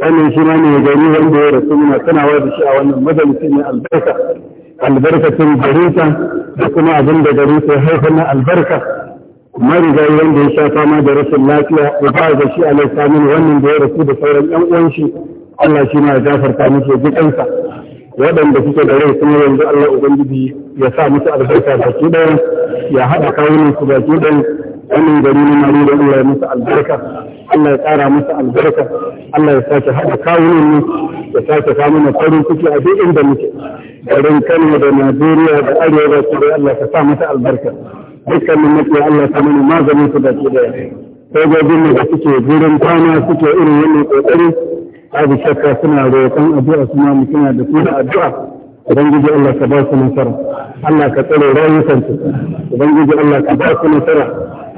A: wannan shi ne gari wanda ya rasu muna tunawa da shi a wannan majalisi ne albarka albarkacin garinsa da kuma abin da garinsa ya haifar na albarka yi wanda ya sha fama da rashin lafiya ya ba da shi alai samun wannan da ya rasu da sauran yan uwan shi Allah shi ma ya gafarta musu ya waɗanda suke da rai kuma yanzu Allah ubangiji ya sa musu albarka baki ɗaya ya haɗa kawunan su baki ɗaya wannan gari na mari da Allah ya musu albarka Allah ya ƙara musu albarka Allah ya sake haɗa kawunan mu da sake samu na farin ciki a duk inda muke garin Kano da Najeriya da Arewa su da Allah ka sa mata albarka dukkanin mutu Allah ka mana maganin su da su da sojojin mu da suke gurin kwana suke irin wannan kokari babu shakka suna roƙon addu'a suna mutuna da suna addu'a ubangiji Allah ka ba su nasara Allah ka tsare rayukan su ubangiji Allah ka ba su nasara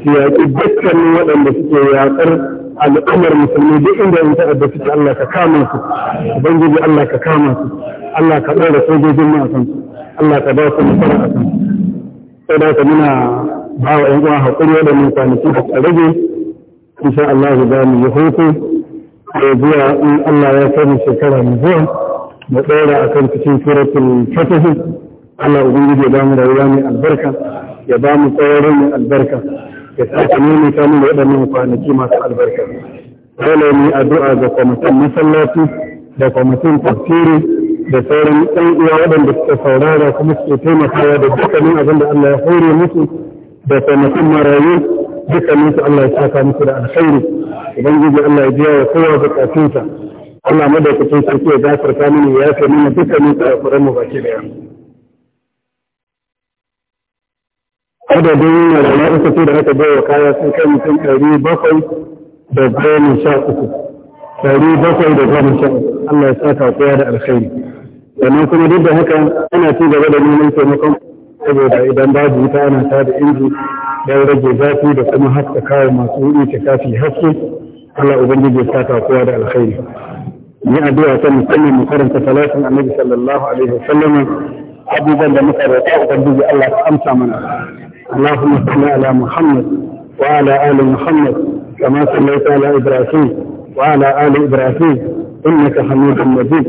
A: su yaƙi dukkanin waɗanda suke yaƙar al'ummar musulmi duk inda in yan ta'adda suke Allah ka kama su ubangiji Allah ka kama su Allah ka ɗora sojojin mu a kan su Allah ka ba su nasara a kan su sai da muna ba wa ƴan uwa haƙuri waɗannan kwanaki da ka rage insha Allah za mu yi hutu da zuwa in Allah ya kai mu shekara mai zuwa mu tsora a kan cikin suratul fatihi Allah ubangiji ya bamu rayuwa mai albarka ya bamu tsoro mai albarka ya sake nuna ta mu waɗannan kwanaki masu albarka dole ne addu'a ga kwamitin masallaci da kwamitin tafsiri da sauran ɗan uwa waɗanda suka saurara kuma suke taimakawa da dukkanin abin da Allah ya hore musu da kwamitin marayu dukkaninsu Allah ya saka musu da alkhairi ubangiji Allah ya biya wa kowa bukatunsa Allah madaukakin sarki ya gafarta mini ya kai mini dukkanin kurakuran mu baki daya adadin malamai uku ce da aka bai wa kaya sun kai mutum ɗari bakwai da goma sha uku ɗari bakwai da goma sha uku Allah ya saka kowa da alkhairi sannan kuma duk da haka ana ci gaba da neman taimakon saboda idan babu wuta ana ta da inji don rage zafi da kuma haskaka masu wuce kafi haske Allah ubangiji ya saka kowa da alkhairi يأبيها كان من مقارنة ثلاثة النبي صلى الله عليه وسلم أبو ذنب مقارنة وقبضي الله أمسى منا اللهم صل على محمد وعلى آل محمد كما صليت على إبراهيم وعلى آل إبراهيم إنك حميد مجيد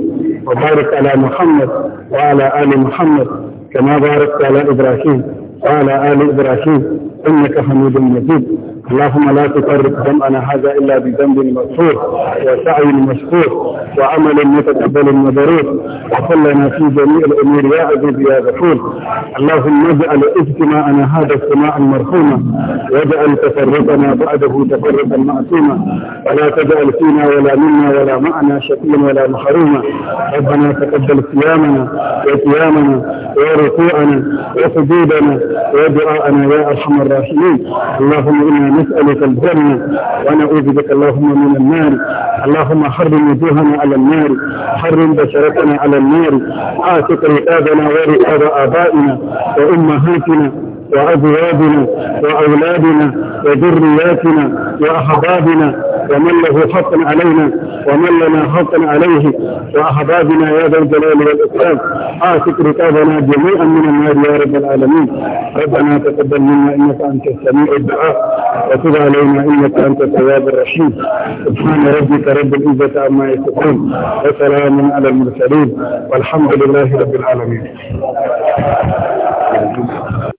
A: وبارك على محمد وعلى آل محمد كما باركت على إبراهيم وعلى آل إبراهيم إنك حميد مجيد اللهم لا تفرق جمعنا هذا إلا بذنب مغفور وسعي مشكور وعمل متقبل مبرور وقل لنا في جميع الأمور يا عزيز يا غفور اللهم اجعل اجتماعنا هذا اجتماعا مرحوما واجعل تفرقنا بعده تفرقا معصوما ولا تجعل فينا ولا منا ولا معنا شقيا ولا محروما ربنا تقبل صيامنا وقيامنا وركوعنا وسجودنا ودعاءنا يا ارحم الراحمين اللهم انا نسألك الجنة ونعوذ بك اللهم من النار اللهم حرم وجوهنا على النار حرم بشرتنا على النار آتك رقابنا ورقاب آبائنا وأمهاتنا وأزواجنا وأولادنا وذرياتنا وأحبابنا ومن له حق علينا ومن لنا حق عليه وأحبابنا يا ذا الجلال والإكرام آسك ركابنا جميعا من النار يا رب العالمين ربنا تقبل منا إنك أنت السميع الدعاء وتب علينا إنك أنت التواب الرحيم سبحان ربك رب العزة عما يصفون وسلام على المرسلين والحمد لله رب العالمين